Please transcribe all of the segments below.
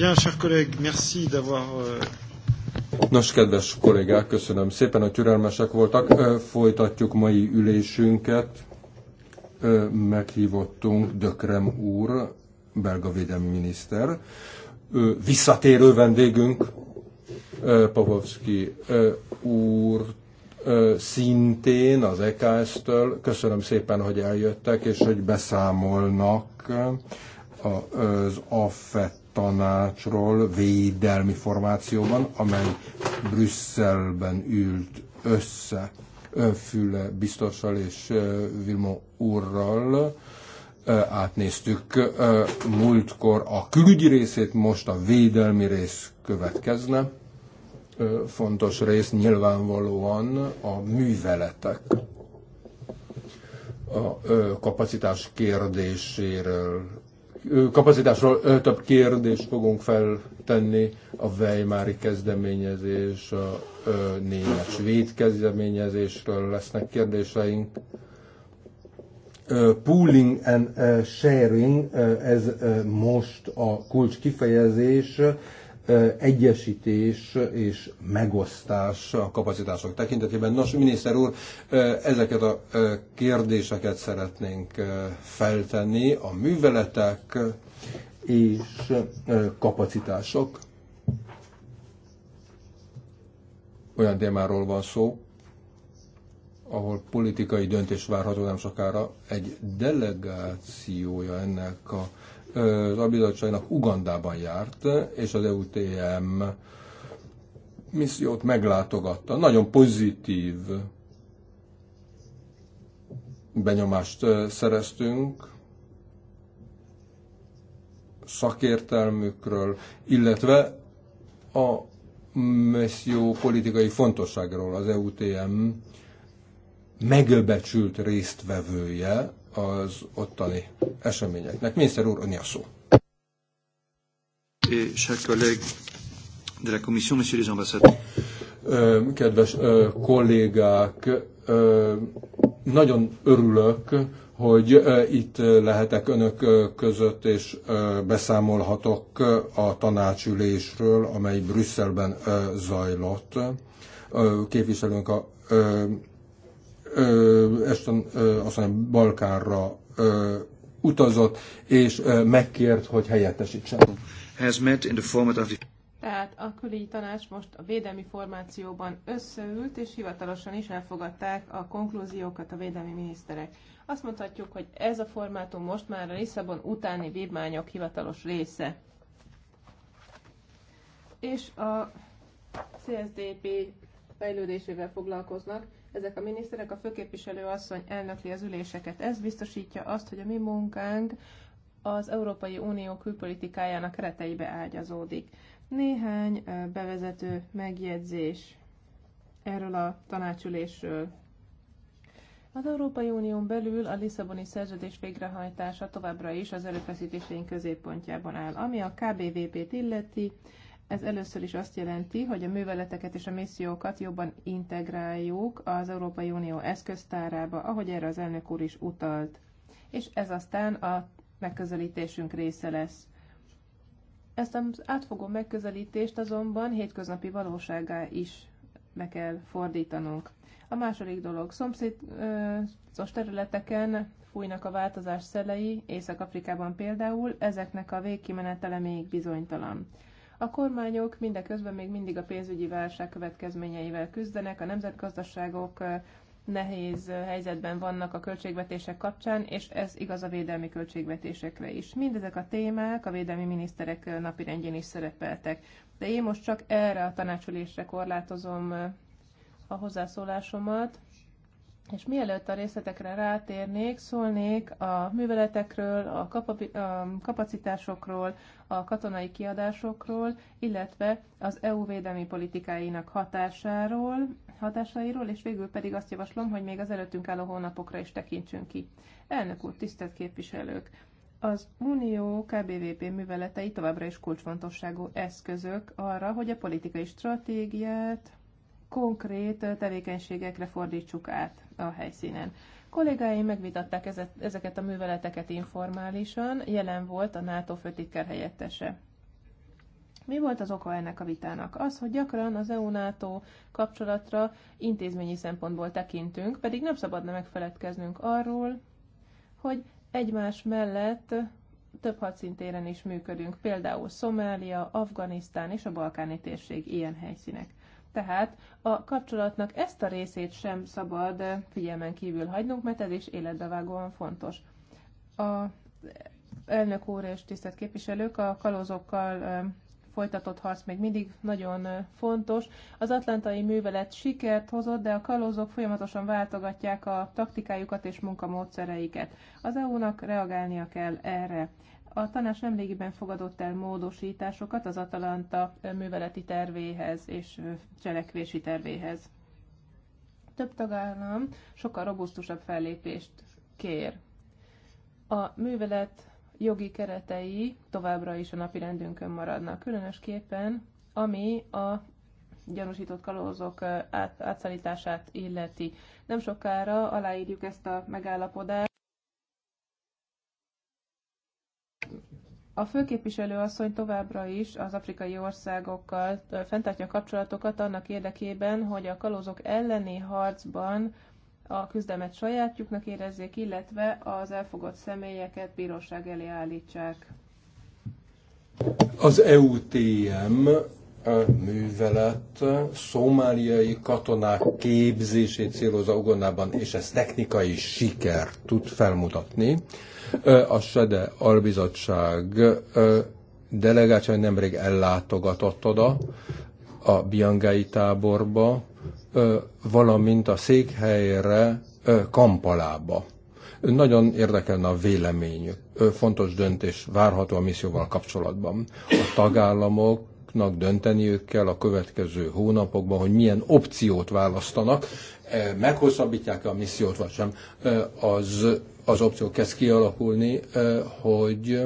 Bien, chers collègues, merci d'avoir euh, Nos kedves kollégák, köszönöm szépen, hogy türelmesek voltak. Folytatjuk mai ülésünket. Meghívottunk Dökrem úr, belga védelmi miniszter. Visszatérő vendégünk, Pavovski úr szintén az EKS-től. Köszönöm szépen, hogy eljöttek, és hogy beszámolnak az AFET tanácsról védelmi formációban, amely Brüsszelben ült össze önfüle biztossal és Vilmo úrral, átnéztük múltkor a külügyi részét, most a védelmi rész következne. Fontos rész nyilvánvalóan a műveletek. A kapacitás kérdéséről kapacitásról több kérdést fogunk feltenni. A Weimári kezdeményezés, a német-svéd kezdeményezésről lesznek kérdéseink. Pooling and sharing, ez most a kulcs kifejezés, egyesítés és megosztás a kapacitások tekintetében. Nos, miniszter úr, ezeket a kérdéseket szeretnénk feltenni, a műveletek és kapacitások. Olyan témáról van szó, ahol politikai döntés várható nem sokára, egy delegációja ennek a a bizottságnak Ugandában járt, és az EUTM missziót meglátogatta. Nagyon pozitív benyomást szereztünk szakértelmükről, illetve a misszió politikai fontosságról az EUTM megbecsült résztvevője az ottani eseményeknek. Miniszter úr, önni a szó. Kedves kollégák, nagyon örülök, hogy itt lehetek önök között, és beszámolhatok a tanácsülésről, amely Brüsszelben zajlott. Képviselünk a Eston aztán Balkánra utazott, és megkért, hogy helyettesítse. Has met in the format of the... Tehát a külügyi tanács most a védelmi formációban összeült, és hivatalosan is elfogadták a konklúziókat a védelmi miniszterek. Azt mondhatjuk, hogy ez a formátum most már a Lisszabon utáni vívmányok hivatalos része. És a CSDP fejlődésével foglalkoznak ezek a miniszterek, a főképviselő asszony elnökli az üléseket. Ez biztosítja azt, hogy a mi munkánk az Európai Unió külpolitikájának kereteibe ágyazódik. Néhány bevezető megjegyzés erről a tanácsülésről. Az Európai Unión belül a Lisszaboni szerződés végrehajtása továbbra is az erőfeszítéseink középpontjában áll. Ami a KBVP-t illeti, ez először is azt jelenti, hogy a műveleteket és a missziókat jobban integráljuk az Európai Unió eszköztárába, ahogy erre az elnök úr is utalt. És ez aztán a megközelítésünk része lesz. Ezt az átfogó megközelítést azonban hétköznapi valóságá is be kell fordítanunk. A második dolog, szomszédos területeken fújnak a változás szelei, Észak-Afrikában például, ezeknek a végkimenetele még bizonytalan. A kormányok mindeközben még mindig a pénzügyi válság következményeivel küzdenek, a nemzetgazdaságok nehéz helyzetben vannak a költségvetések kapcsán, és ez igaz a védelmi költségvetésekre is. Mindezek a témák a védelmi miniszterek napirendjén is szerepeltek. De én most csak erre a tanácsülésre korlátozom a hozzászólásomat. És mielőtt a részletekre rátérnék, szólnék a műveletekről, a, kapacitásokról, a katonai kiadásokról, illetve az EU védelmi politikáinak hatásáról, hatásairól, és végül pedig azt javaslom, hogy még az előttünk álló hónapokra is tekintsünk ki. Elnök úr, tisztelt képviselők! Az Unió KBVP műveletei továbbra is kulcsfontosságú eszközök arra, hogy a politikai stratégiát, konkrét tevékenységekre fordítsuk át a helyszínen. Kollégáim megvitatták ezeket a műveleteket informálisan, jelen volt a NATO főtitkár helyettese. Mi volt az oka ennek a vitának? Az, hogy gyakran az EU-NATO kapcsolatra intézményi szempontból tekintünk, pedig nem szabadna megfeledkeznünk arról, hogy egymás mellett több hadszintéren is működünk, például Szomália, Afganisztán és a balkáni térség ilyen helyszínek. Tehát a kapcsolatnak ezt a részét sem szabad figyelmen kívül hagynunk, mert ez is életbevágóan fontos. A elnök úr és tisztelt képviselők, a kalózokkal folytatott harc még mindig nagyon fontos. Az atlantai művelet sikert hozott, de a kalózok folyamatosan váltogatják a taktikájukat és munkamódszereiket. Az EU-nak reagálnia kell erre. A tanács nemrégiben fogadott el módosításokat az Atalanta műveleti tervéhez és cselekvési tervéhez. Több tagállam sokkal robusztusabb fellépést kér. A művelet jogi keretei továbbra is a napi rendünkön maradnak, különösképpen ami a gyanúsított kalózok át, átszállítását illeti. Nem sokára aláírjuk ezt a megállapodást. A főképviselő asszony továbbra is az afrikai országokkal fenntartja kapcsolatokat annak érdekében, hogy a kalózok elleni harcban a küzdelmet sajátjuknak érezzék, illetve az elfogott személyeket bíróság elé állítsák. Az EUTM művelet szomáliai katonák képzését célozza Ugandában, és ez technikai siker tud felmutatni. A SEDE albizottság delegáció nemrég ellátogatott oda, a Biangai táborba, valamint a székhelyre, Kampalába. Nagyon érdekelne a véleményük. Fontos döntés várható a misszióval kapcsolatban. A tagállamok dönteniük kell a következő hónapokban, hogy milyen opciót választanak, meghosszabbítják -e a missziót, vagy sem, az az opció kezd kialakulni, hogy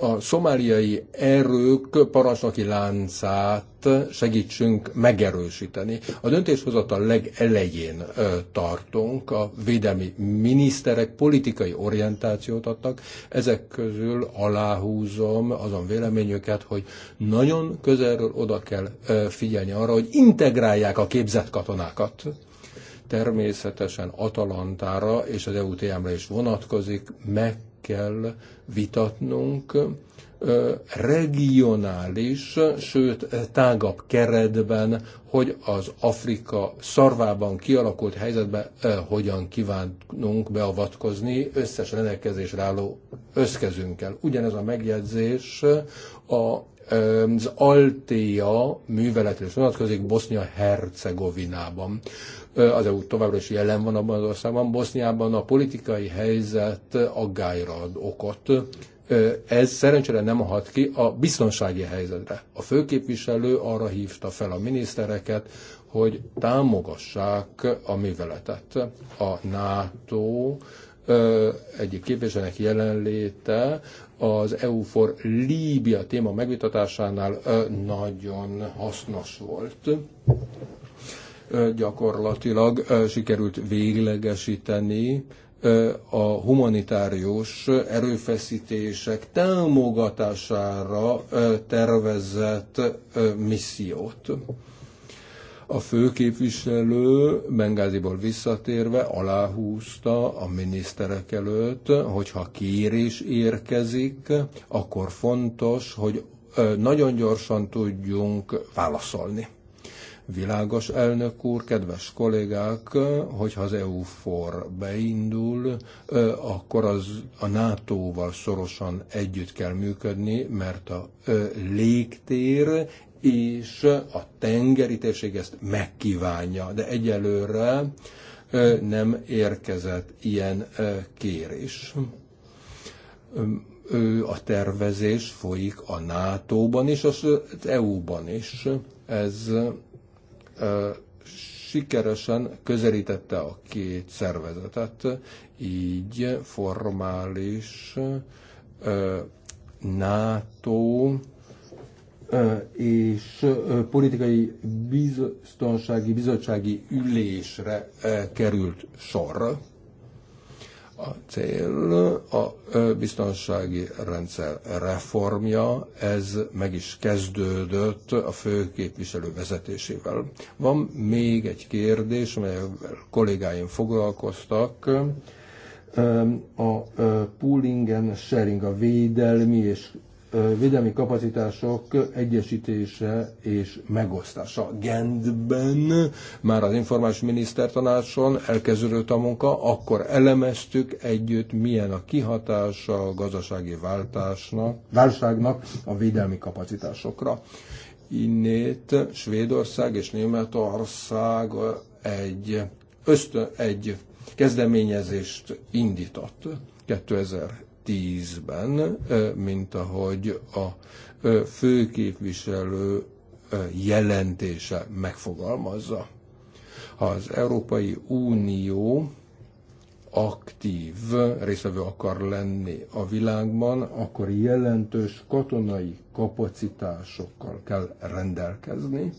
a szomáliai erők parancsnoki láncát segítsünk megerősíteni. A döntéshozatal legelején tartunk, a védelmi miniszterek politikai orientációt adtak, ezek közül aláhúzom azon véleményüket, hogy nagyon közelről oda kell figyelni arra, hogy integrálják a képzett katonákat természetesen Atalantára és az EUTM-re is vonatkozik, meg kell vitatnunk regionális, sőt tágabb keretben, hogy az Afrika szarvában kialakult helyzetben hogyan kívánunk beavatkozni összes rendelkezésre álló összkezünkkel. Ugyanez a megjegyzés a az Altéja műveletre vonatkozik Bosznia-Hercegovinában az EU továbbra is jelen van abban az országban. Boszniában a politikai helyzet aggályra ad okot. Ez szerencsére nem hat ki a biztonsági helyzetre. A főképviselő arra hívta fel a minisztereket, hogy támogassák a műveletet. A NATO egyik képviselőnek jelenléte az EU for Líbia téma megvitatásánál nagyon hasznos volt gyakorlatilag sikerült véglegesíteni a humanitárius erőfeszítések támogatására tervezett missziót. A főképviselő Bengáziból visszatérve aláhúzta a miniszterek előtt, hogyha kérés érkezik, akkor fontos, hogy nagyon gyorsan tudjunk válaszolni. Világos elnök úr, kedves kollégák, hogyha az EU-for beindul, akkor az a NATO-val szorosan együtt kell működni, mert a légtér és a tengeri térség ezt megkívánja, de egyelőre nem érkezett ilyen kérés. A tervezés folyik a NATO-ban és az EU-ban is. Ez sikeresen közelítette a két szervezetet, így formális NATO és politikai biztonsági bizottsági ülésre került sor. A cél a biztonsági rendszer reformja, ez meg is kezdődött a főképviselő vezetésével. Van még egy kérdés, amelyel kollégáim foglalkoztak, a pooling and sharing, a védelmi és védelmi kapacitások egyesítése és megosztása. gendben már az informális minisztertanácson elkezdődött a munka, akkor elemeztük együtt, milyen a kihatása a gazdasági váltásnak, válságnak a védelmi kapacitásokra. Innét Svédország és Németország egy, ösztön, egy kezdeményezést indított 2000 2010-ben, mint ahogy a főképviselő jelentése megfogalmazza. Ha az Európai Unió aktív részvevő akar lenni a világban, akkor jelentős katonai kapacitásokkal kell rendelkezni.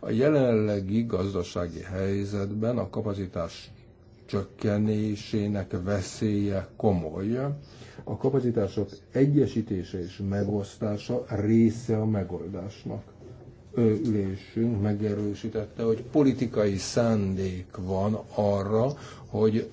A jelenlegi gazdasági helyzetben a kapacitás csökkenésének veszélye komoly. A kapacitások egyesítése és megosztása része a megoldásnak. Ő ülésünk megerősítette, hogy politikai szándék van arra, hogy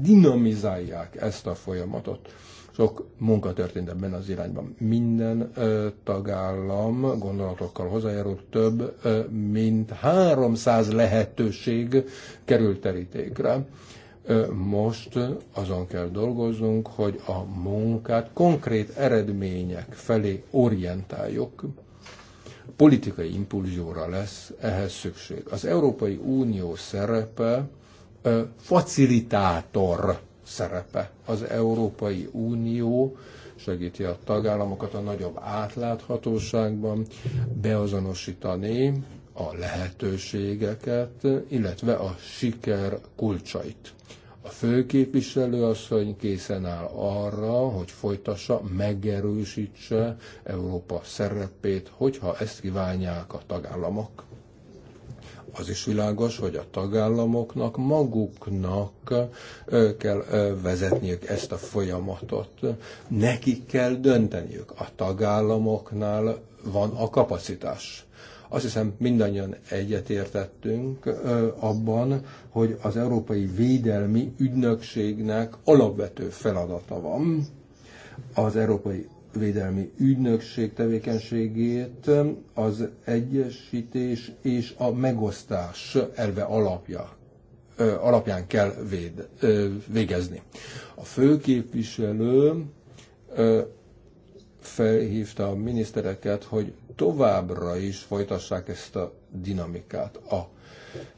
dinamizálják ezt a folyamatot sok munka történt ebben az irányban. Minden ö, tagállam gondolatokkal hozzájárult több, ö, mint 300 lehetőség került terítékre. Ö, most azon kell dolgoznunk, hogy a munkát konkrét eredmények felé orientáljuk politikai impulzióra lesz ehhez szükség. Az Európai Unió szerepe facilitátor szerepe. Az Európai Unió segíti a tagállamokat a nagyobb átláthatóságban beazonosítani a lehetőségeket, illetve a siker kulcsait. A főképviselő asszony készen áll arra, hogy folytassa, megerősítse Európa szerepét, hogyha ezt kívánják a tagállamok az is világos, hogy a tagállamoknak maguknak kell vezetniük ezt a folyamatot. Nekik kell dönteniük. A tagállamoknál van a kapacitás. Azt hiszem mindannyian egyetértettünk abban, hogy az Európai Védelmi Ügynökségnek alapvető feladata van, az Európai Védelmi Ügynökség tevékenységét az egyesítés és a megosztás elve alapja, alapján kell véd, végezni. A főképviselő felhívta a minisztereket, hogy továbbra is folytassák ezt a dinamikát. A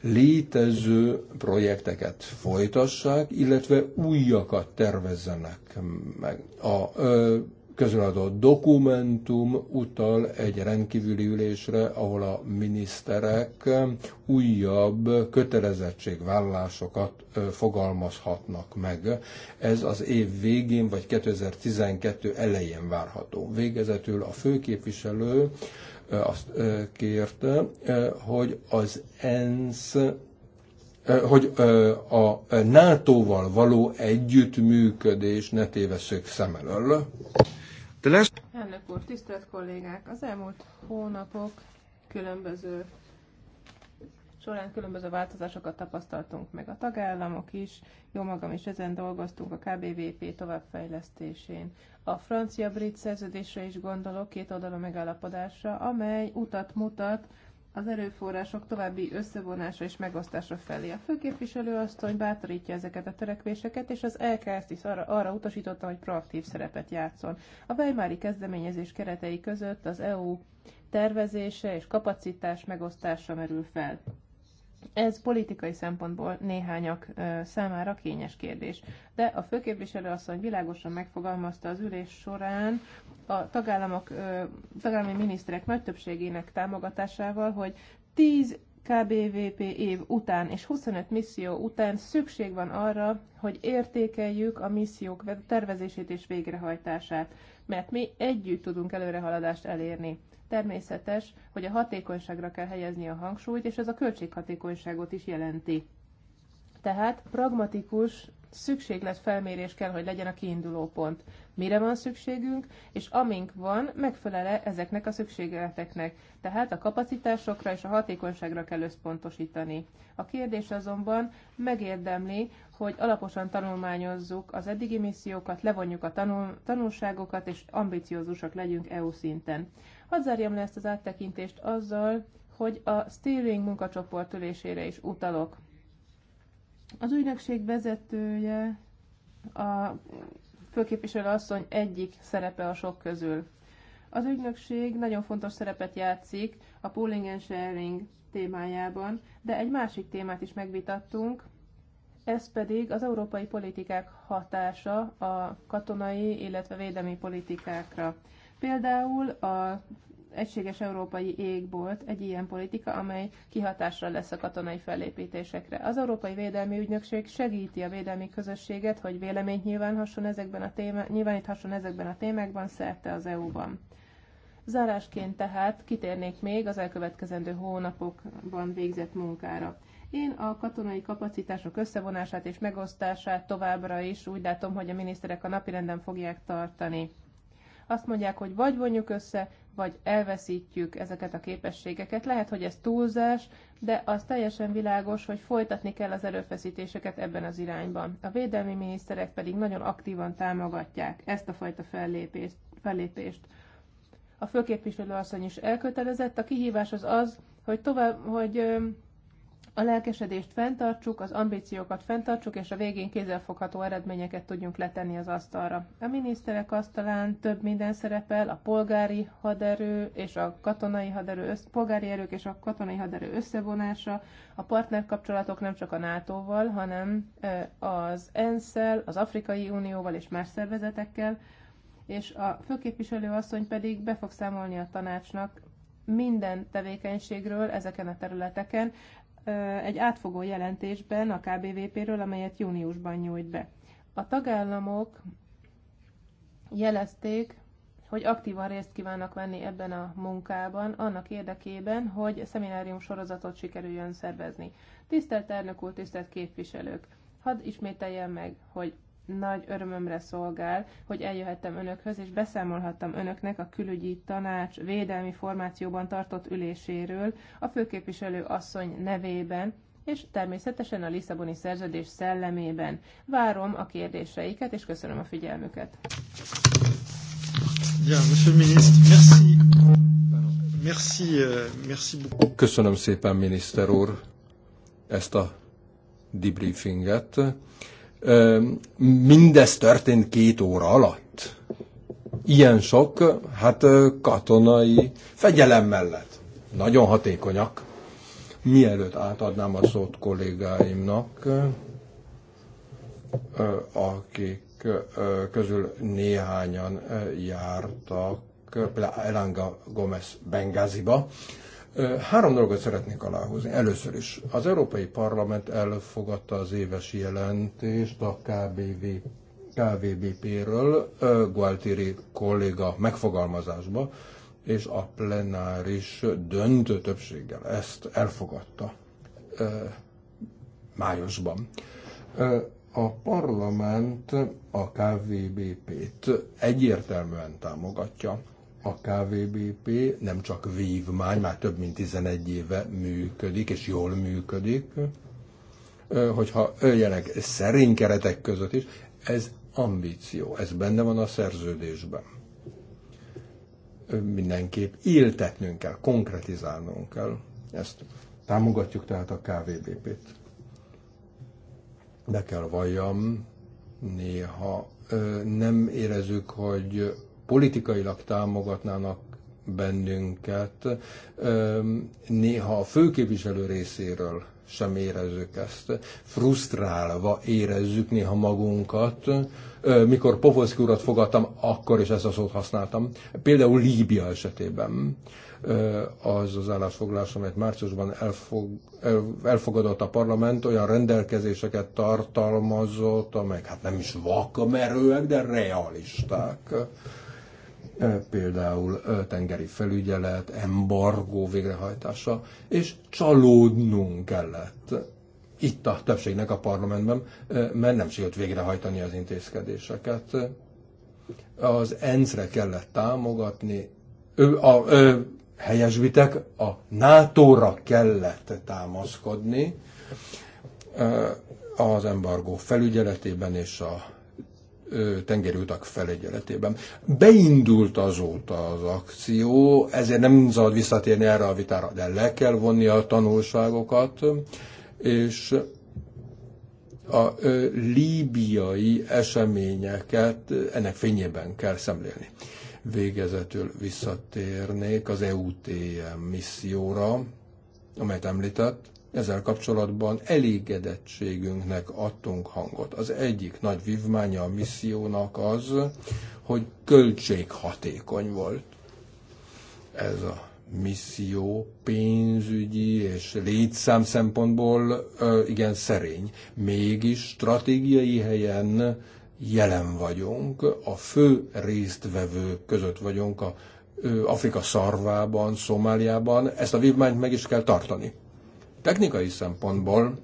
létező projekteket folytassák, illetve újakat tervezzenek meg. A ö, közöladott dokumentum utal egy rendkívüli ülésre, ahol a miniszterek um, újabb kötelezettségvállalásokat fogalmazhatnak meg. Ez az év végén vagy 2012 elején várható. Végezetül a főképviselő azt kérte, hogy az ENSZ hogy a NATO-val való együttműködés ne tévesszük szem elől. The Elnök úr, tisztelt kollégák! Az elmúlt hónapok különböző során különböző változásokat tapasztaltunk meg a tagállamok is, jó magam is ezen dolgoztunk a KBVP továbbfejlesztésén. A francia-brit szerződésre is gondolok, két oldalú megállapodásra, amely utat mutat az erőforrások további összevonása és megosztása felé. A főképviselő asszony bátorítja ezeket a törekvéseket, és az lks is arra, arra utasította, hogy proaktív szerepet játszon. A Weimári kezdeményezés keretei között az EU tervezése és kapacitás megosztása merül fel. Ez politikai szempontból néhányak számára kényes kérdés, de a főképviselő asszony világosan megfogalmazta az ülés során, a tagállamok, tagállami miniszterek nagy többségének támogatásával, hogy 10 KBVP év után és 25 misszió után szükség van arra, hogy értékeljük a missziók tervezését és végrehajtását, mert mi együtt tudunk előrehaladást elérni. Természetes, hogy a hatékonyságra kell helyezni a hangsúlyt, és ez a költséghatékonyságot is jelenti. Tehát pragmatikus szükségletfelmérés kell, hogy legyen a kiinduló pont. Mire van szükségünk, és amink van, megfelele ezeknek a szükségleteknek. Tehát a kapacitásokra és a hatékonyságra kell összpontosítani. A kérdés azonban megérdemli, hogy alaposan tanulmányozzuk az eddigi missziókat, levonjuk a tanul, tanulságokat, és ambiciózusak legyünk EU szinten. Hadd zárjam le ezt az áttekintést azzal, hogy a steering munkacsoport ülésére is utalok az ügynökség vezetője a főképviselő asszony egyik szerepe a sok közül. Az ügynökség nagyon fontos szerepet játszik a pooling and sharing témájában, de egy másik témát is megvitattunk, ez pedig az európai politikák hatása a katonai, illetve védelmi politikákra. Például a egységes európai égbolt egy ilyen politika, amely kihatásra lesz a katonai fellépítésekre. Az Európai Védelmi Ügynökség segíti a védelmi közösséget, hogy véleményt nyilvánhasson ezekben a téma, nyilváníthasson ezekben a témákban szerte az EU-ban. Zárásként tehát kitérnék még az elkövetkezendő hónapokban végzett munkára. Én a katonai kapacitások összevonását és megosztását továbbra is úgy látom, hogy a miniszterek a napirenden fogják tartani. Azt mondják, hogy vagy vonjuk össze, vagy elveszítjük ezeket a képességeket. Lehet, hogy ez túlzás, de az teljesen világos, hogy folytatni kell az erőfeszítéseket ebben az irányban. A védelmi miniszterek pedig nagyon aktívan támogatják ezt a fajta fellépést. fellépést. A főképviselő asszony is elkötelezett. A kihívás az az, hogy tovább, hogy a lelkesedést fenntartsuk, az ambíciókat fenntartsuk, és a végén kézzelfogható eredményeket tudjunk letenni az asztalra. A miniszterek asztalán több minden szerepel, a polgári haderő és a katonai haderő, össz, polgári erők és a katonai haderő összevonása, a partnerkapcsolatok nem csak a NATO-val, hanem az ensz az Afrikai Unióval és más szervezetekkel, és a főképviselő asszony pedig be fog számolni a tanácsnak minden tevékenységről ezeken a területeken, egy átfogó jelentésben a KBVP-ről, amelyet júniusban nyújt be. A tagállamok jelezték, hogy aktívan részt kívánnak venni ebben a munkában, annak érdekében, hogy szeminárium sorozatot sikerüljön szervezni. Tisztelt elnök úr, tisztelt képviselők! Hadd ismételjem meg, hogy nagy örömömre szolgál, hogy eljöhettem önökhöz, és beszámolhattam önöknek a külügyi tanács védelmi formációban tartott üléséről a főképviselő asszony nevében, és természetesen a Lisszaboni szerződés szellemében. Várom a kérdéseiket, és köszönöm a figyelmüket. monsieur ministre, merci. Merci, euh, merci beaucoup. Köszönöm szépen, miniszter úr, ezt a debriefinget mindez történt két óra alatt. Ilyen sok, hát katonai fegyelem mellett. Nagyon hatékonyak. Mielőtt átadnám a szót kollégáimnak, akik közül néhányan jártak, például Elanga Gomez Bengáziba, Három dolgot szeretnék aláhozni. Először is az Európai Parlament elfogadta az éves jelentést a KBV, KVBP-ről, Gualtieri kolléga megfogalmazásba, és a plenáris döntő többséggel ezt elfogadta májusban. A parlament a KVBP-t egyértelműen támogatja a KVBP nem csak vívmány, már több mint 11 éve működik, és jól működik, hogyha öljenek szerény keretek között is, ez ambíció, ez benne van a szerződésben. Mindenképp éltetnünk kell, konkretizálnunk kell. Ezt támogatjuk tehát a KVBP-t. De kell valljam, néha nem érezzük, hogy politikailag támogatnának bennünket, néha a főképviselő részéről sem érezzük ezt. Frusztrálva érezzük néha magunkat. Mikor Popovszki urat fogadtam, akkor is ezt a szót használtam. Például Líbia esetében az az állásfoglalás, amelyet márciusban elfog, elfogadott a parlament, olyan rendelkezéseket tartalmazott, amelyek hát nem is vakamerőek, de realisták. E, például e, tengeri felügyelet, embargó végrehajtása, és csalódnunk kellett itt a többségnek a parlamentben, e, mert nem sikerült végrehajtani az intézkedéseket. Az ENSZ-re kellett támogatni, ő, a, ő, helyesbitek, a NATO-ra kellett támaszkodni az embargó felügyeletében és a tengeri utak felegyeletében. Beindult azóta az akció, ezért nem szabad visszatérni erre a vitára, de le kell vonni a tanulságokat, és a líbiai eseményeket ennek fényében kell szemlélni. Végezetül visszatérnék az EUTM misszióra, amelyet említett, ezzel kapcsolatban elégedettségünknek adtunk hangot. Az egyik nagy vívmánya a missziónak az, hogy költséghatékony volt. Ez a misszió pénzügyi és létszám szempontból igen szerény. Mégis stratégiai helyen jelen vagyunk, a fő résztvevő között vagyunk a Afrika szarvában, Szomáliában, ezt a vívmányt meg is kell tartani technikai szempontból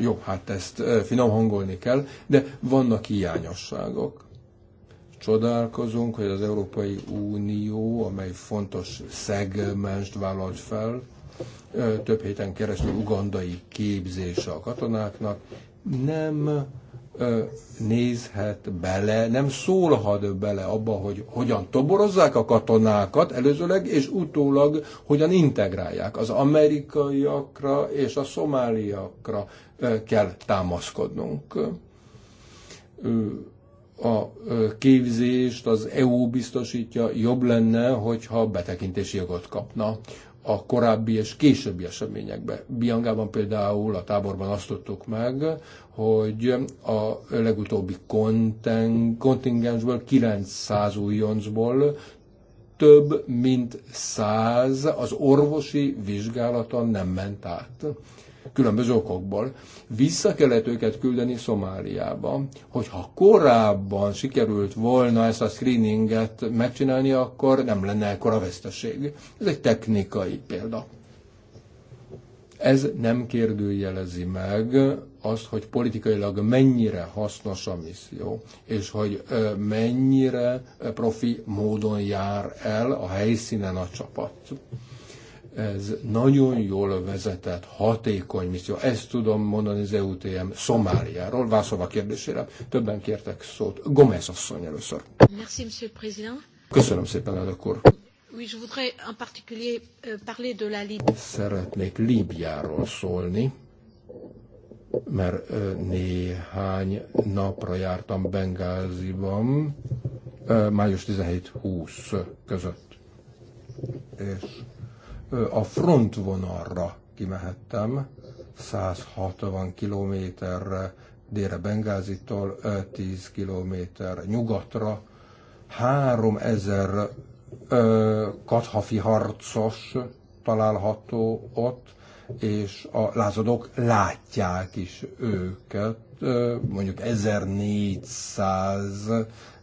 jó, hát ezt finom hangolni kell, de vannak hiányosságok. Csodálkozunk, hogy az Európai Unió, amely fontos szegmenst vállalt fel, több héten keresztül ugandai képzése a katonáknak, nem nézhet bele, nem szólhat bele abba, hogy hogyan toborozzák a katonákat előzőleg, és utólag hogyan integrálják. Az amerikaiakra és a szomáliakra kell támaszkodnunk. A képzést az EU biztosítja, jobb lenne, hogyha betekintési jogot kapna a korábbi és későbbi eseményekbe. Biangában például a táborban azt tudtuk meg, hogy a legutóbbi konten, kontingensből, 900 újoncból több mint 100 az orvosi vizsgálaton nem ment át különböző okokból. Vissza kellett őket küldeni Szomáliába. Hogyha korábban sikerült volna ezt a screeninget megcsinálni, akkor nem lenne ekkora veszteség. Ez egy technikai példa. Ez nem kérdőjelezi meg azt, hogy politikailag mennyire hasznos a misszió, és hogy mennyire profi módon jár el a helyszínen a csapat. Ez nagyon jól vezetett, hatékony misszió. Ezt tudom mondani az EUTM Szomáliáról. a kérdésére többen kértek szót. Gomez asszony először. Merci, monsieur président. Köszönöm szépen, elnök úr. Oui, je voudrais en particulier euh, parler de la Libye. Szeretnék Líbiáról szólni mert euh, néhány napra jártam Bengáziban, euh, május 17-20 között. És a frontvonalra kimehettem, 160 kilométerre délre Bengázitól, 10 kilométer nyugatra, 3000 kathafi harcos található ott, és a lázadók látják is őket, mondjuk 1400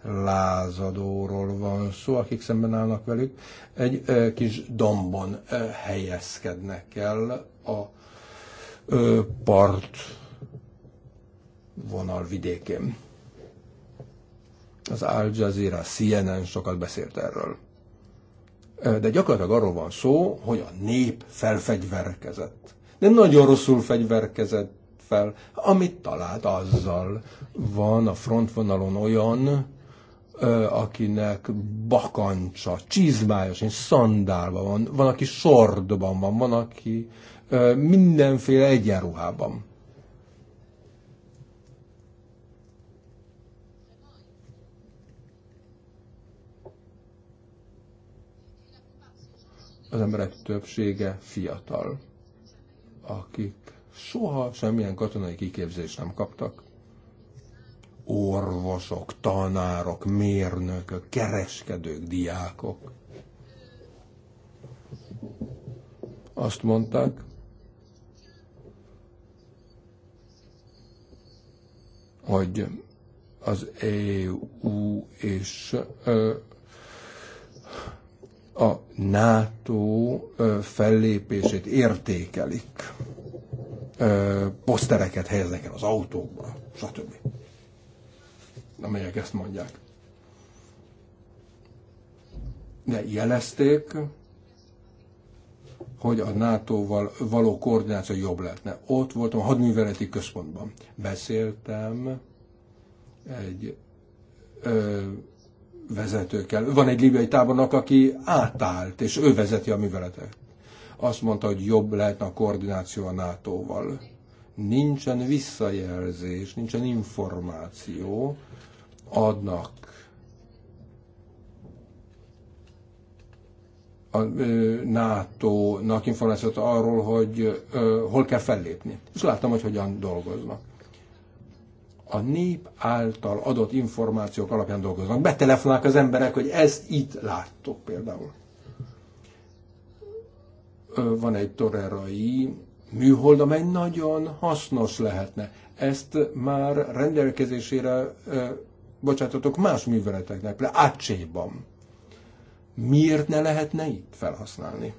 lázadóról van szó, akik szemben állnak velük, egy kis dombon helyezkednek el a part vonal vidékén. Az Al Jazeera, CNN sokat beszélt erről de gyakorlatilag arról van szó, hogy a nép felfegyverkezett. De nagyon rosszul fegyverkezett fel, amit talált azzal. Van a frontvonalon olyan, akinek bakancsa, csizmája, és szandálban van, van, aki sordban van, van, aki mindenféle egyenruhában. az emberek többsége fiatal, akik soha semmilyen katonai kiképzést nem kaptak. Orvosok, tanárok, mérnökök, kereskedők, diákok. Azt mondták, hogy az EU és a NATO fellépését értékelik. Posztereket helyeznek el az autókba, stb. Amelyek ezt mondják. De jelezték, hogy a NATO-val való koordináció jobb lehetne. Ott voltam a hadműveleti központban. Beszéltem egy vezetőkkel. Van egy libiai tábornok, aki átállt, és ő vezeti a műveletet. Azt mondta, hogy jobb lehetne a koordináció a NATO-val. Nincsen visszajelzés, nincsen információ, adnak a NATO-nak információt arról, hogy hol kell fellépni. És láttam, hogy hogyan dolgoznak a nép által adott információk alapján dolgoznak. Betelefonálnak az emberek, hogy ezt itt láttok például. Van egy torerai műhold, amely nagyon hasznos lehetne. Ezt már rendelkezésére bocsátatok más műveleteknek, például Ácséban. Miért ne lehetne itt felhasználni?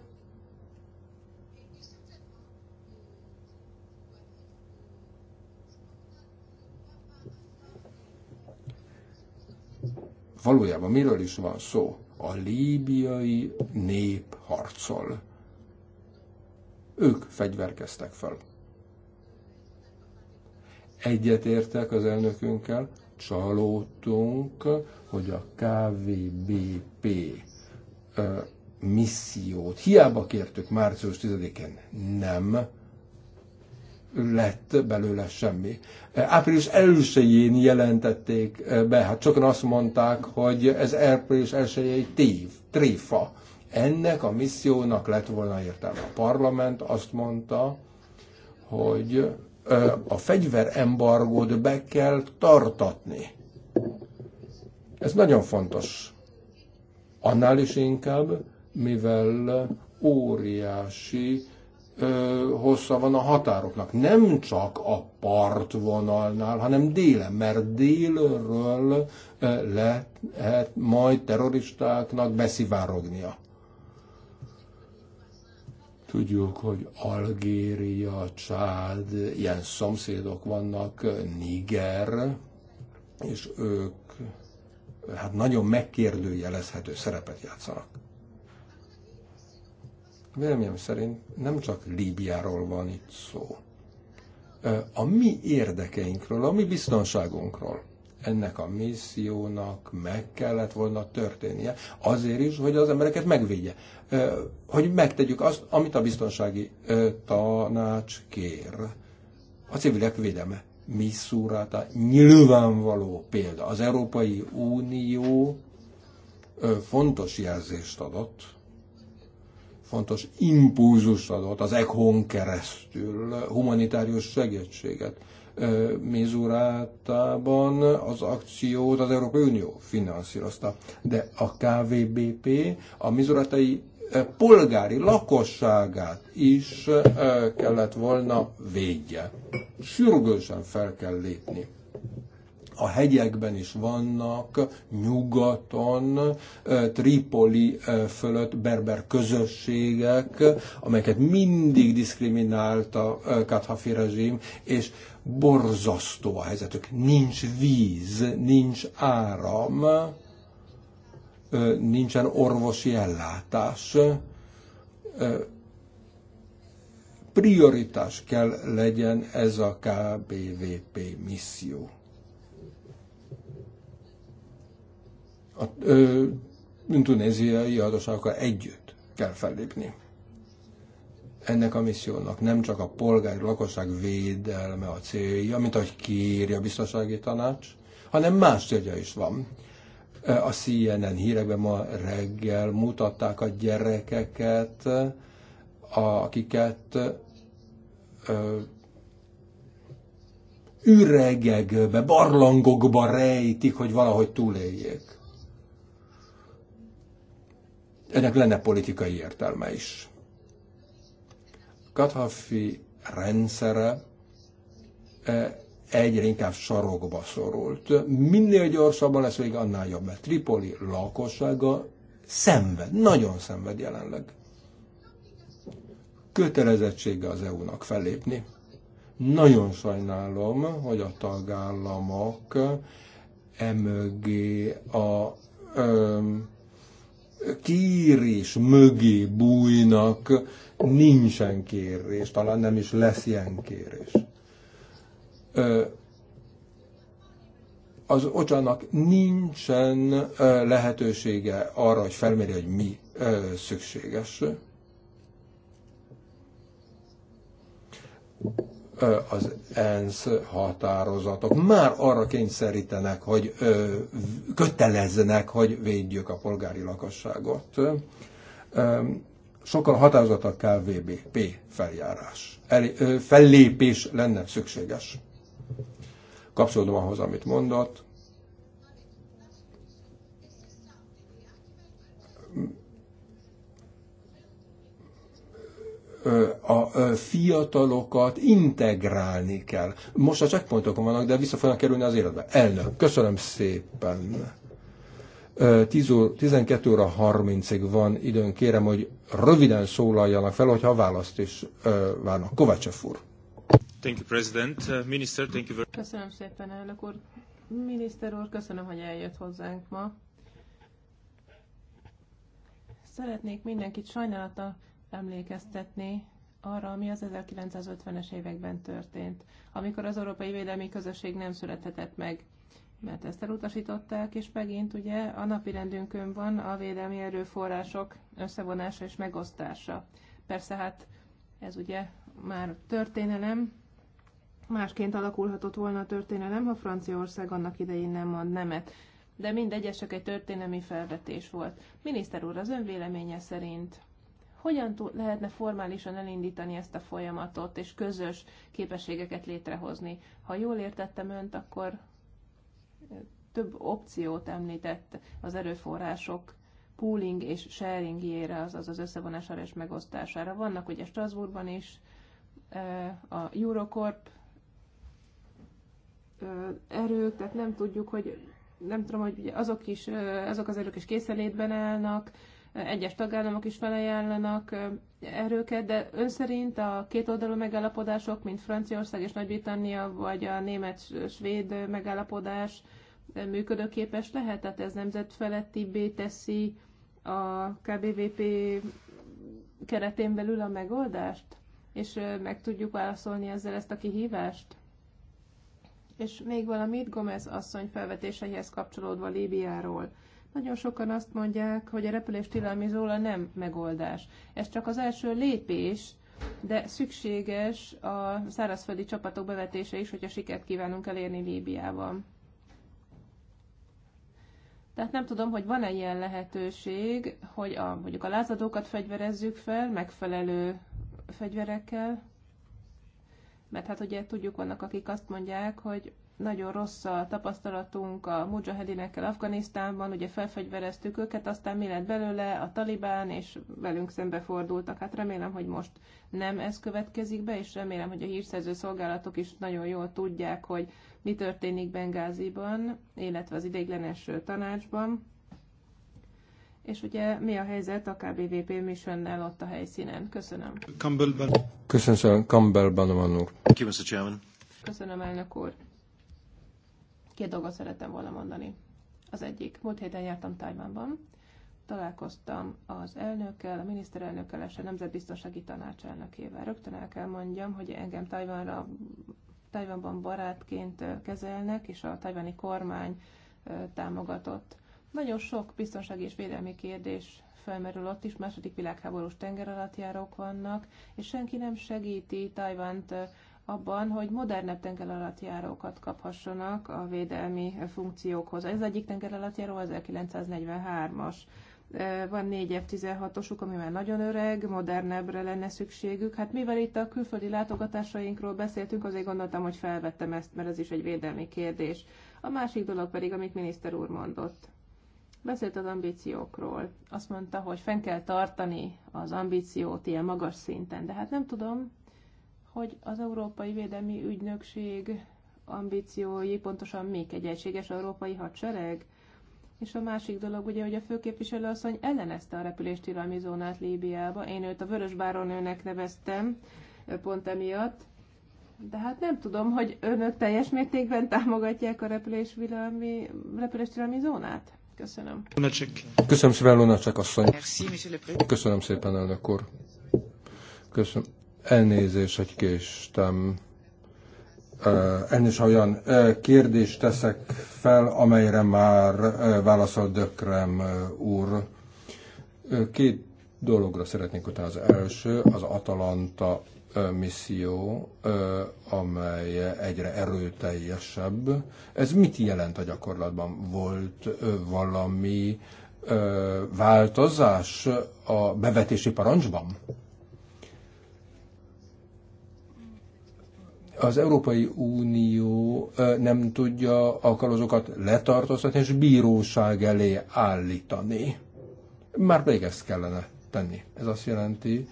Valójában miről is van szó? A líbiai nép harcol. Ők fegyverkeztek fel. Egyetértek az elnökünkkel, csalódtunk, hogy a KVBP ö, missziót hiába kértük március 10-én, nem lett belőle semmi. E, április 1-én jelentették e, be, hát sokan azt mondták, hogy ez április 1 egy tév, tréfa. Ennek a missziónak lett volna értelme. A parlament azt mondta, hogy e, a fegyverembargót be kell tartatni. Ez nagyon fontos. Annál is inkább, mivel óriási hossza van a határoknak. Nem csak a partvonalnál, hanem délen, mert délről lehet majd terroristáknak beszivárognia. Tudjuk, hogy Algéria, Csád, ilyen szomszédok vannak, Niger, és ők hát nagyon megkérdőjelezhető szerepet játszanak. Véleményem szerint nem csak Líbiáról van itt szó. A mi érdekeinkről, a mi biztonságunkról. Ennek a missziónak meg kellett volna történnie, azért is, hogy az embereket megvédje. Hogy megtegyük azt, amit a biztonsági tanács kér. A civilek védelme. Misszúráta nyilvánvaló példa. Az Európai Unió fontos jelzést adott fontos impulzus adott az ECHON keresztül humanitárius segítséget. Mizurátában az akciót az Európai Unió finanszírozta, de a KVBP a mizurátai polgári lakosságát is kellett volna védje. Sürgősen fel kell lépni a hegyekben is vannak, nyugaton, Tripoli fölött berber közösségek, amelyeket mindig diszkriminálta a Kadhafi rezsim, és borzasztó a helyzetük. Nincs víz, nincs áram, nincsen orvosi ellátás. Prioritás kell legyen ez a KBVP misszió. a ö, tunéziai hatóságokkal együtt kell fellépni. Ennek a missziónak nem csak a polgári lakosság védelme a célja, mint ahogy kírja a biztonsági tanács, hanem más célja is van. A CNN hírekben ma reggel mutatták a gyerekeket, akiket üregekbe, barlangokba rejtik, hogy valahogy túléljék ennek lenne politikai értelme is. Gaddafi rendszere eh, egyre inkább sarokba szorult. Minél gyorsabban lesz vége, annál jobb, mert Tripoli lakossága szenved, nagyon szenved jelenleg. Kötelezettsége az EU-nak fellépni. Nagyon sajnálom, hogy a tagállamok eh, emögé a ö, kérés mögé bújnak, nincsen kérés, talán nem is lesz ilyen kérés. Az ocsának nincsen lehetősége arra, hogy felméri, hogy mi szükséges az ENSZ határozatok már arra kényszerítenek, hogy köteleznek, hogy védjük a polgári lakosságot. Sokkal határozottabb kell VBP feljárás. El, fellépés lenne szükséges. Kapcsolódom ahhoz, amit mondott. a fiatalokat integrálni kell. Most a checkpointokon vannak, de vissza fognak kerülni az életbe. Elnök, köszönöm szépen. 12 óra 30-ig van időn, kérem, hogy röviden szólaljanak fel, hogyha a választ is várnak. Kovács úr. Thank you, President. Uh, Minister, thank you very... Köszönöm szépen, elnök úr. Miniszter úr, köszönöm, hogy eljött hozzánk ma. Szeretnék mindenkit sajnálata emlékeztetni arra, ami az 1950-es években történt, amikor az Európai Védelmi Közösség nem születhetett meg, mert ezt elutasították, és megint ugye a napi rendünkön van a védelmi erőforrások összevonása és megosztása. Persze hát ez ugye már történelem, másként alakulhatott volna a történelem, ha Franciaország annak idején nem mond nemet. De mindegy, ez csak egy történelmi felvetés volt. Miniszter úr, az ön véleménye szerint hogyan lehetne formálisan elindítani ezt a folyamatot, és közös képességeket létrehozni. Ha jól értettem önt, akkor több opciót említett az erőforrások pooling és sharing azaz az összevonására és megosztására. Vannak ugye Strasbourgban is a Eurocorp erők, tehát nem tudjuk, hogy nem tudom, hogy azok, is, azok az erők is készenlétben állnak, egyes tagállamok is felajánlanak erőket, de ön szerint a oldalú megállapodások, mint Franciaország és Nagy-Britannia, vagy a német-svéd megállapodás működőképes lehet? Tehát ez nemzetfelettibbé teszi a KBVP keretén belül a megoldást? És meg tudjuk válaszolni ezzel ezt a kihívást? És még valamit Gomez asszony felvetéseihez kapcsolódva Líbiáról. Nagyon sokan azt mondják, hogy a repülés tilalmi zóna nem megoldás. Ez csak az első lépés, de szükséges a szárazföldi csapatok bevetése is, hogyha sikert kívánunk elérni Líbiában. Tehát nem tudom, hogy van-e ilyen lehetőség, hogy a, mondjuk a lázadókat fegyverezzük fel megfelelő fegyverekkel, mert hát ugye tudjuk, vannak akik azt mondják, hogy nagyon rossz a tapasztalatunk a mujahedinekkel Afganisztánban, ugye felfegyvereztük őket, aztán mi lett belőle, a talibán, és velünk szembe fordultak. Hát remélem, hogy most nem ez következik be, és remélem, hogy a hírszerző szolgálatok is nagyon jól tudják, hogy mi történik Bengáziban, illetve az ideiglenes tanácsban. És ugye mi a helyzet a KBVP missionnel ott a helyszínen? Köszönöm. Campbell Köszönöm szépen, Campbell úr. Köszönöm, elnök úr. Két dolgot szerettem volna mondani. Az egyik, múlt héten jártam Tajvánban, találkoztam az elnökkel, a miniszterelnökkel és a Nemzetbiztonsági tanácselnökével. Rögtön el kell mondjam, hogy engem Tajvanra, Tajvanban barátként kezelnek, és a tajvani kormány támogatott. Nagyon sok biztonsági és védelmi kérdés felmerül ott is, második világháborús tengeralattjárók vannak, és senki nem segíti Tajvant abban, hogy modernebb tengeralattjárókat kaphassanak a védelmi funkciókhoz. Ez egyik tengeralattjáró 1943-as van négy F-16-osuk, ami már nagyon öreg, modernebbre lenne szükségük. Hát mivel itt a külföldi látogatásainkról beszéltünk, azért gondoltam, hogy felvettem ezt, mert ez is egy védelmi kérdés. A másik dolog pedig, amit miniszter úr mondott. Beszélt az ambíciókról. Azt mondta, hogy fenn kell tartani az ambíciót ilyen magas szinten, de hát nem tudom, hogy az Európai Védelmi Ügynökség ambíciói pontosan még egy egységes európai hadsereg? És a másik dolog ugye, hogy a főképviselő asszony ellenezte a irámi zónát Líbiába. Én őt a Vörös Báronőnek neveztem pont emiatt. De hát nem tudom, hogy önök teljes mértékben támogatják a repülésvilami, repüléstilalmi zónát? Köszönöm. Köszönöm szépen, Lunacek asszony. Köszönöm szépen, elnök úr. Köszönöm. Elnézés, hogy késtem. Elnézést, ha olyan kérdést teszek fel, amelyre már válaszolt Dökrem úr. Két dologra szeretnék utána. Az első, az Atalanta misszió, amely egyre erőteljesebb. Ez mit jelent a gyakorlatban? Volt valami változás a bevetési parancsban? az Európai Unió nem tudja alkalmazokat letartóztatni és bíróság elé állítani. Már pedig ezt kellene tenni. Ez azt jelenti,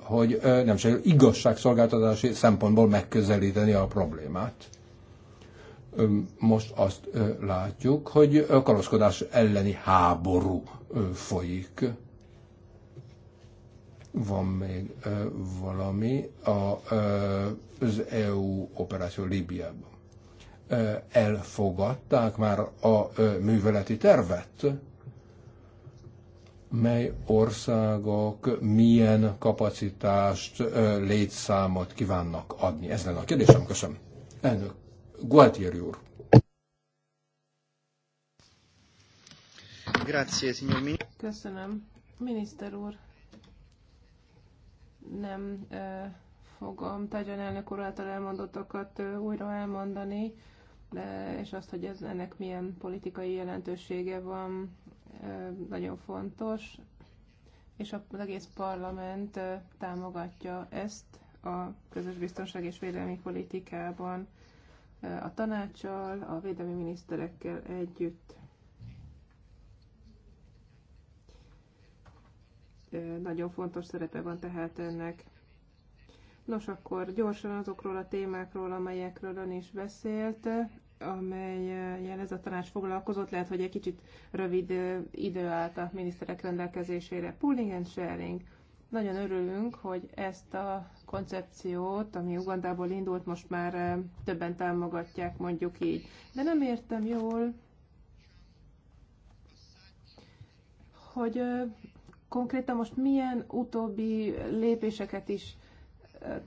hogy nem csak igazságszolgáltatási szempontból megközelíteni a problémát. Most azt látjuk, hogy a kalózkodás elleni háború folyik van még valami a, az EU operáció Líbiában. Elfogadták már a műveleti tervet, mely országok milyen kapacitást, létszámot kívánnak adni. Ez lenne a kérdésem, köszönöm. Elnök, Gualtieri úr. Grazie, signor Köszönöm, miniszter úr nem fogom Tagyon elnök úr által elmondottakat újra elmondani, de, és azt, hogy ez, ennek milyen politikai jelentősége van, nagyon fontos, és az egész parlament támogatja ezt a közös biztonság és védelmi politikában a tanácssal, a védelmi miniszterekkel együtt. nagyon fontos szerepe van tehát ennek. Nos, akkor gyorsan azokról a témákról, amelyekről ön is beszélt, amelyen ez a tanács foglalkozott, lehet, hogy egy kicsit rövid idő állt a miniszterek rendelkezésére. Pooling and sharing. Nagyon örülünk, hogy ezt a koncepciót, ami Ugandából indult, most már többen támogatják, mondjuk így. De nem értem jól, hogy konkrétan most milyen utóbbi lépéseket is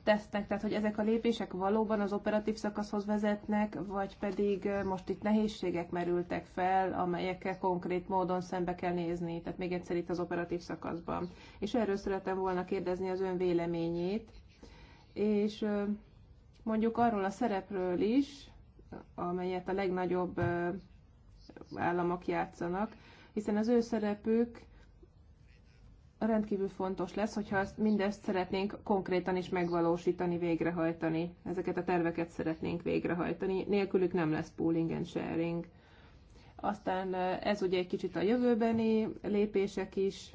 tesznek, tehát hogy ezek a lépések valóban az operatív szakaszhoz vezetnek, vagy pedig most itt nehézségek merültek fel, amelyekkel konkrét módon szembe kell nézni, tehát még egyszer itt az operatív szakaszban. És erről szeretem volna kérdezni az ön véleményét, és mondjuk arról a szerepről is, amelyet a legnagyobb államok játszanak, hiszen az ő szerepük rendkívül fontos lesz, hogyha ezt, mindezt szeretnénk konkrétan is megvalósítani, végrehajtani. Ezeket a terveket szeretnénk végrehajtani, nélkülük nem lesz pooling and sharing. Aztán eh, ez ugye egy kicsit a jövőbeni lépések is,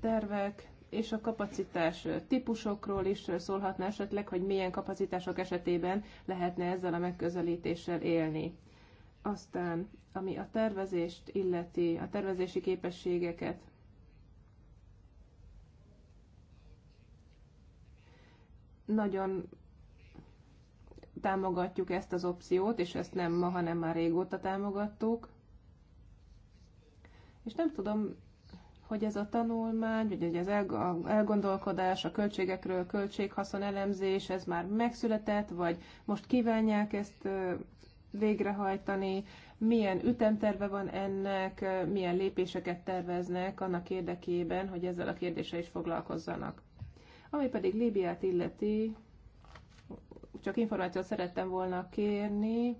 tervek, és a kapacitás eh, típusokról is eh, szólhatna esetleg, hogy milyen kapacitások esetében lehetne ezzel a megközelítéssel élni. Aztán, ami a tervezést illeti, a tervezési képességeket, nagyon támogatjuk ezt az opciót, és ezt nem ma, hanem már régóta támogattuk. És nem tudom, hogy ez a tanulmány, vagy az elgondolkodás, a költségekről, a költséghaszon elemzés, ez már megszületett, vagy most kívánják ezt végrehajtani, milyen ütemterve van ennek, milyen lépéseket terveznek annak érdekében, hogy ezzel a kérdéssel is foglalkozzanak. Ami pedig Líbiát illeti, csak információt szerettem volna kérni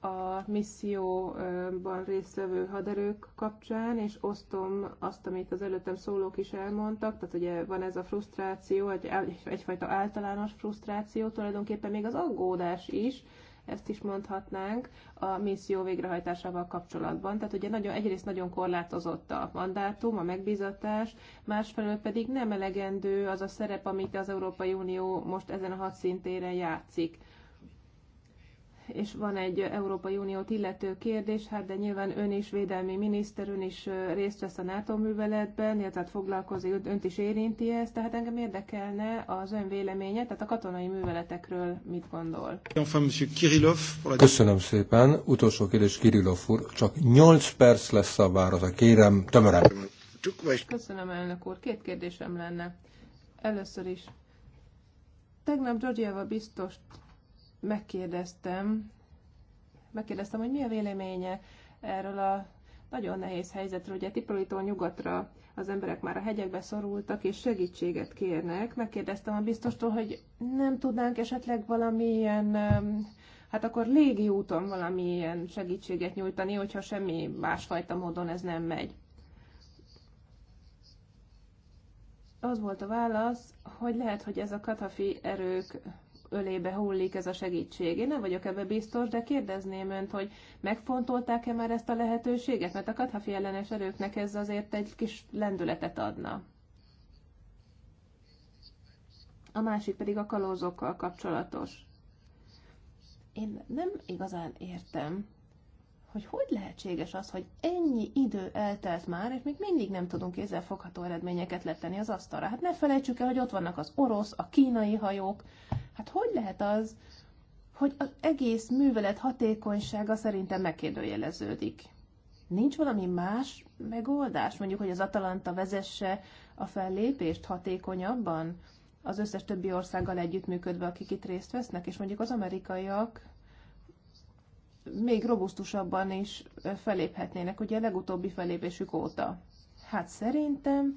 a misszióban résztvevő haderők kapcsán, és osztom azt, amit az előttem szólók is elmondtak, tehát ugye van ez a frusztráció, egy, egyfajta általános frusztráció, tulajdonképpen még az aggódás is, ezt is mondhatnánk a misszió végrehajtásával kapcsolatban. Tehát ugye nagyon, egyrészt nagyon korlátozott a mandátum, a megbízatás, másfelől pedig nem elegendő az a szerep, amit az Európai Unió most ezen a hat szintéren játszik és van egy Európai Uniót illető kérdés, hát de nyilván ön is védelmi miniszter, ön is részt vesz a NATO műveletben, illetve hát foglalkozik, önt is érinti ez, tehát engem érdekelne az ön véleménye, tehát a katonai műveletekről mit gondol. Köszönöm szépen, utolsó kérdés Kirillov úr, csak 8 perc lesz a a kérem, tömören. Köszönöm, elnök úr, két kérdésem lenne. Először is. Tegnap Georgieva biztos megkérdeztem, megkérdeztem, hogy mi a véleménye erről a nagyon nehéz helyzetről. Ugye Tipolitól nyugatra az emberek már a hegyekbe szorultak, és segítséget kérnek. Megkérdeztem a biztostól, hogy nem tudnánk esetleg valamilyen, hát akkor légi úton valamilyen segítséget nyújtani, hogyha semmi másfajta módon ez nem megy. Az volt a válasz, hogy lehet, hogy ez a katafi erők ölébe hullik ez a segítség. Én nem vagyok ebbe biztos, de kérdezném önt, hogy megfontolták-e már ezt a lehetőséget, mert a kathafi ellenes erőknek ez azért egy kis lendületet adna. A másik pedig a kalózokkal kapcsolatos. Én nem igazán értem, hogy hogy lehetséges az, hogy ennyi idő eltelt már, és még mindig nem tudunk fogható eredményeket letenni az asztalra. Hát ne felejtsük el, hogy ott vannak az orosz, a kínai hajók, Hát hogy lehet az, hogy az egész művelet hatékonysága szerintem megkérdőjeleződik? Nincs valami más megoldás? Mondjuk, hogy az Atalanta vezesse a fellépést hatékonyabban az összes többi országgal együttműködve, akik itt részt vesznek, és mondjuk az amerikaiak még robusztusabban is feléphetnének, ugye a legutóbbi felépésük óta. Hát szerintem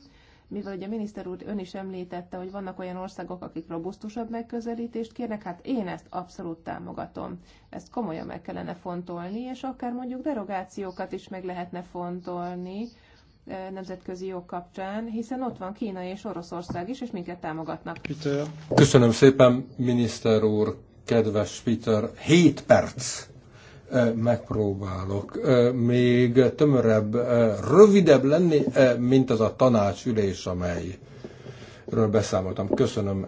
mivel ugye miniszter úr ön is említette, hogy vannak olyan országok, akik robusztusabb megközelítést kérnek, hát én ezt abszolút támogatom. Ezt komolyan meg kellene fontolni, és akár mondjuk derogációkat is meg lehetne fontolni eh, nemzetközi jog kapcsán, hiszen ott van Kína és Oroszország is, és minket támogatnak. Peter. Köszönöm szépen, miniszter úr, kedves Peter, 7 perc megpróbálok még tömörebb, rövidebb lenni, mint az a tanácsülés, amelyről beszámoltam. Köszönöm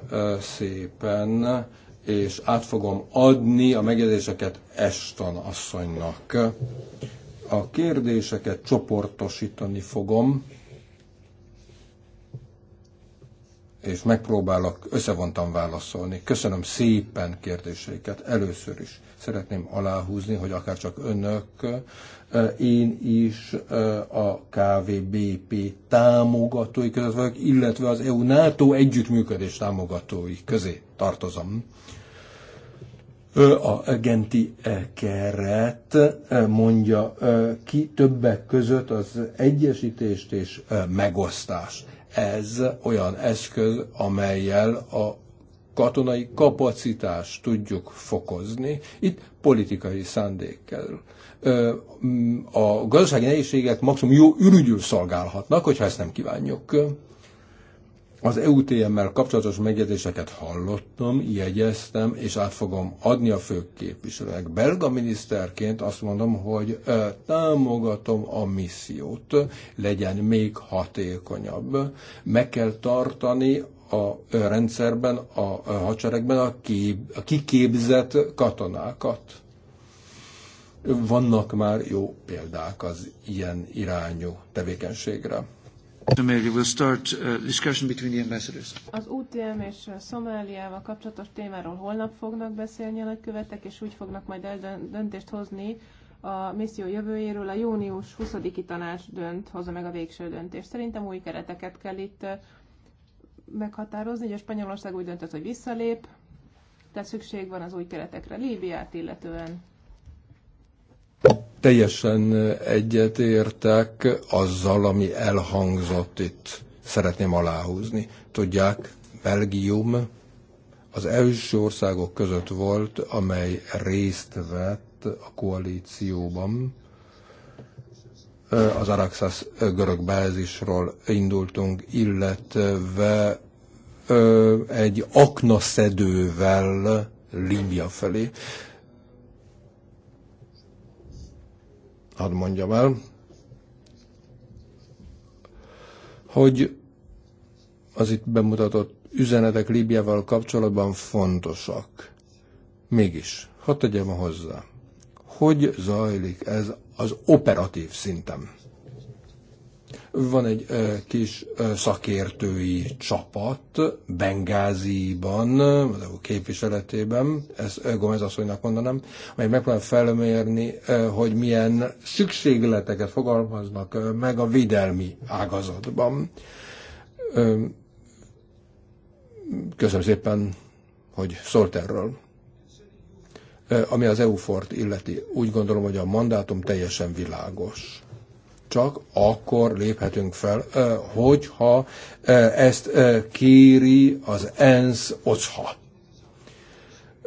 szépen, és át fogom adni a megjegyzéseket Eston asszonynak. A kérdéseket csoportosítani fogom. és megpróbálok összevontan válaszolni. Köszönöm szépen kérdéseiket. Először is szeretném aláhúzni, hogy akár csak önök, én is a KVBP támogatói között vagyok, illetve az EU-NATO együttműködés támogatói közé tartozom. A genti e keret mondja ki többek között az egyesítést és megosztást ez olyan eszköz, amelyel a katonai kapacitást tudjuk fokozni, itt politikai szándék kell. A gazdasági nehézségek maximum jó ürügyül szolgálhatnak, hogyha ezt nem kívánjuk. Az EUTM-mel kapcsolatos megjegyzéseket hallottam, jegyeztem, és át fogom adni a főképviselőnek. Belga miniszterként azt mondom, hogy támogatom a missziót, legyen még hatékonyabb. Meg kell tartani a rendszerben, a hadseregben a, kép, a kiképzett katonákat. Vannak már jó példák az ilyen irányú tevékenységre start uh, discussion between the ambassadors. Az UTM és uh, Szomáliával kapcsolatos témáról holnap fognak beszélni a nagykövetek, és úgy fognak majd döntést hozni a misszió jövőjéről. A június 20-i tanács dönt, hozza meg a végső döntést. Szerintem új kereteket kell itt uh, meghatározni, hogy a Spanyolország úgy döntött, hogy visszalép, Tehát szükség van az új keretekre Líbiát illetően. Teljesen egyetértek azzal, ami elhangzott itt. Szeretném aláhúzni. Tudják, Belgium az első országok között volt, amely részt vett a koalícióban. Az Araxas görög bázisról indultunk, illetve egy aknaszedővel Líbia felé. hadd mondjam el, hogy az itt bemutatott üzenetek Líbiával kapcsolatban fontosak. Mégis, hadd tegyem hozzá, hogy zajlik ez az operatív szinten. Van egy kis szakértői csapat Bengáziban, az EU képviseletében, ezt Gomez asszonynak mondanám, amely megpróbál felmérni, hogy milyen szükségleteket fogalmaznak meg a védelmi ágazatban. Köszönöm szépen, hogy szólt erről ami az EU-fort illeti. Úgy gondolom, hogy a mandátum teljesen világos csak akkor léphetünk fel, hogyha ezt kéri az ENSZ OCHA.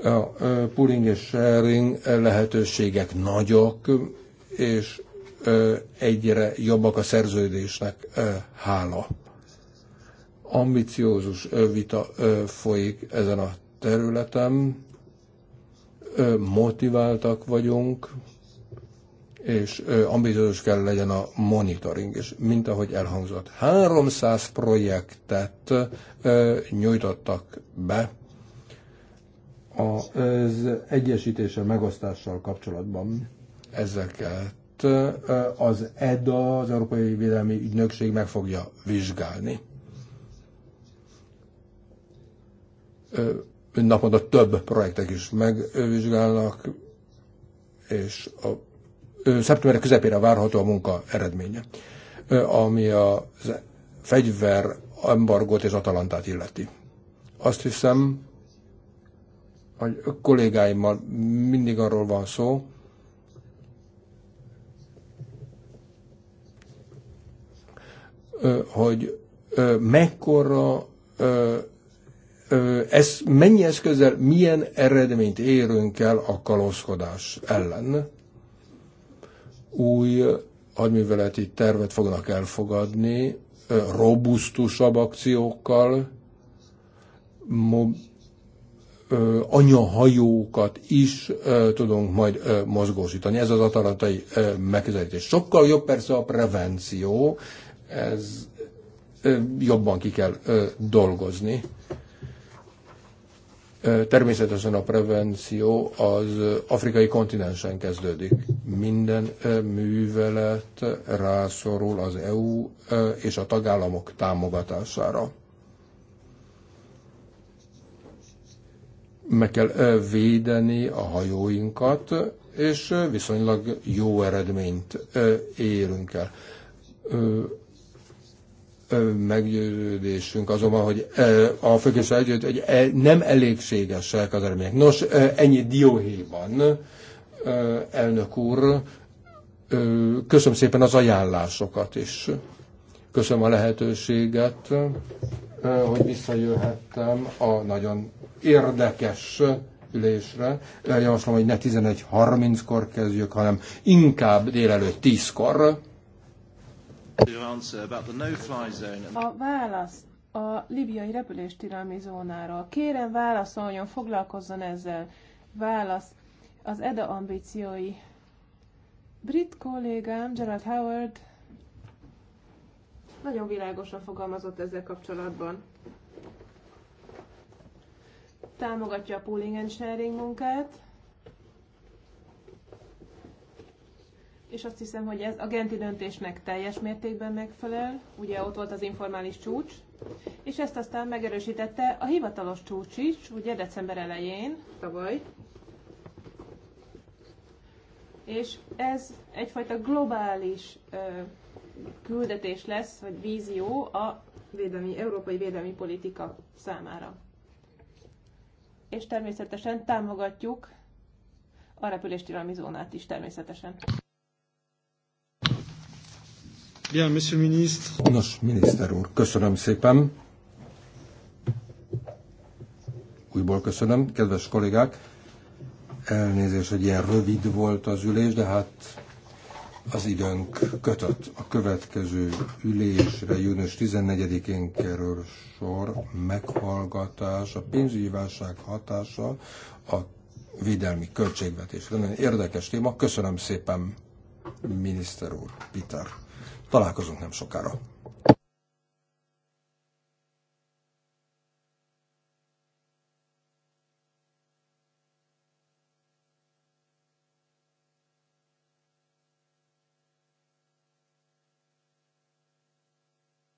A pooling és sharing lehetőségek nagyok, és egyre jobbak a szerződésnek hála. Ambiciózus vita folyik ezen a területen, motiváltak vagyunk, és ambiciózus kell legyen a monitoring is, mint ahogy elhangzott. 300 projektet nyújtottak be az egyesítése megosztással kapcsolatban ezeket az EDA, az Európai Védelmi Ügynökség meg fogja vizsgálni. Naponta több projektek is megvizsgálnak, és a szeptember közepére várható a munka eredménye, ami a fegyver embargót és Atalantát illeti. Azt hiszem, hogy kollégáimmal mindig arról van szó, hogy mekkora ez mennyi eszközzel, milyen eredményt érünk el a kalózkodás ellen új hadműveleti tervet fognak elfogadni, robusztusabb akciókkal, ö, anyahajókat is ö, tudunk majd ö, mozgósítani. Ez az atalantai megközelítés. Sokkal jobb persze a prevenció, ez jobban ki kell dolgozni. Természetesen a prevenció az afrikai kontinensen kezdődik. Minden művelet rászorul az EU és a tagállamok támogatására. Meg kell védeni a hajóinkat, és viszonylag jó eredményt érünk el meggyőződésünk azonban, hogy a főképviselő együtt, hogy e, nem elégségesek az eredmények. Nos, ennyi dióhéjban, elnök úr, köszönöm szépen az ajánlásokat is. Köszönöm a lehetőséget, hogy visszajöhettem a nagyon érdekes ülésre. Javaslom, hogy ne 11.30-kor kezdjük, hanem inkább délelőtt 10-kor. A válasz a libiai repüléstilalmi zónáról. Kérem válaszoljon, foglalkozzon ezzel. Válasz az EDA ambíciói. Brit kollégám Gerald Howard nagyon világosan fogalmazott ezzel kapcsolatban. Támogatja a pooling and sharing munkát, és azt hiszem, hogy ez a genti döntésnek teljes mértékben megfelel, ugye ott volt az informális csúcs, és ezt aztán megerősítette a hivatalos csúcs is, ugye december elején, tavaly, és ez egyfajta globális ö, küldetés lesz, vagy vízió a védelmi, európai védelmi politika számára. És természetesen támogatjuk a repüléstilalmi zónát is természetesen. Bien, monsieur le ministre. Nos, miniszter úr, köszönöm szépen. Újból köszönöm, kedves kollégák. Elnézést, hogy ilyen rövid volt az ülés, de hát az időnk kötött. A következő ülésre június 14-én kerül sor meghallgatás, a pénzügyi válság hatása a védelmi költségvetésre. Nagyon érdekes téma. Köszönöm szépen, miniszter úr, Peter. Találkozunk nem sokára.